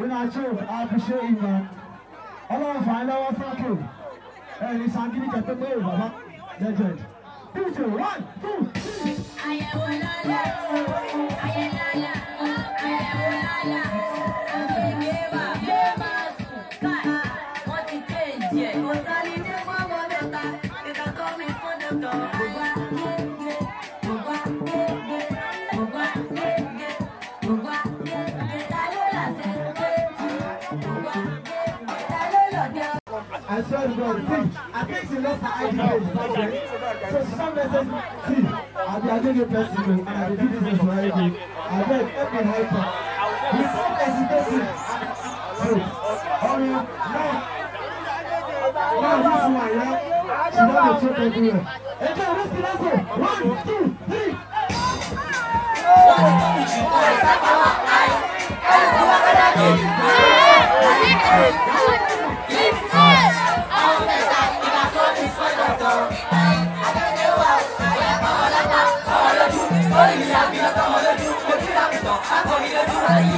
nínú achieve àfiṣe ìyàn ọlọ́run fà á lọ́wọ́ sókè ẹ̀rí sangiri kẹ̀kẹ́ pé bàbá legend two two one two three. àyẹ̀wò lọ́la àyẹ̀lọ́la àyẹ̀wò lọ́la. I swear to God, see, I think she lost her ID page So she come message me, see, I be a new person and I be do business for ID. I beg, help me help hesitation, so, omo, now, now this woman, yeah, she don dey choke everywhere. Ejo, you see that so? One, two, three. Oh, Money, me happy, I got money, do, I'm going happy, don't. I got to do,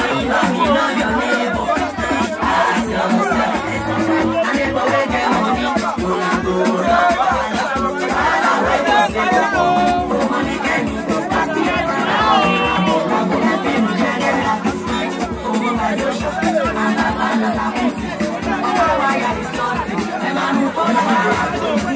Who's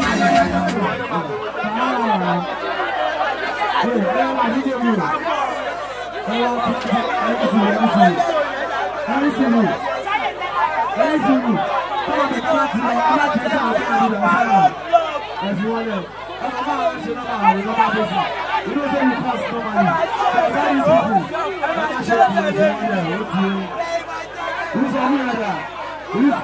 on the other? Who's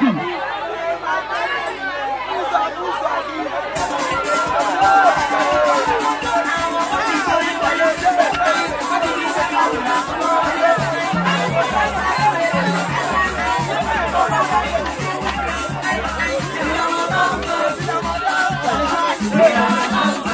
Hey,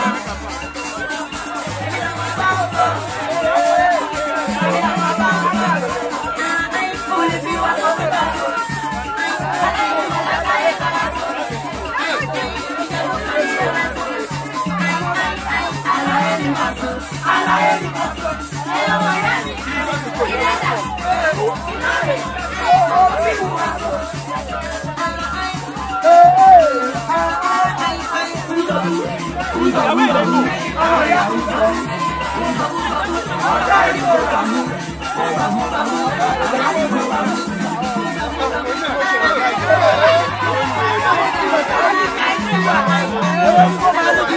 ìdààmú Thank you.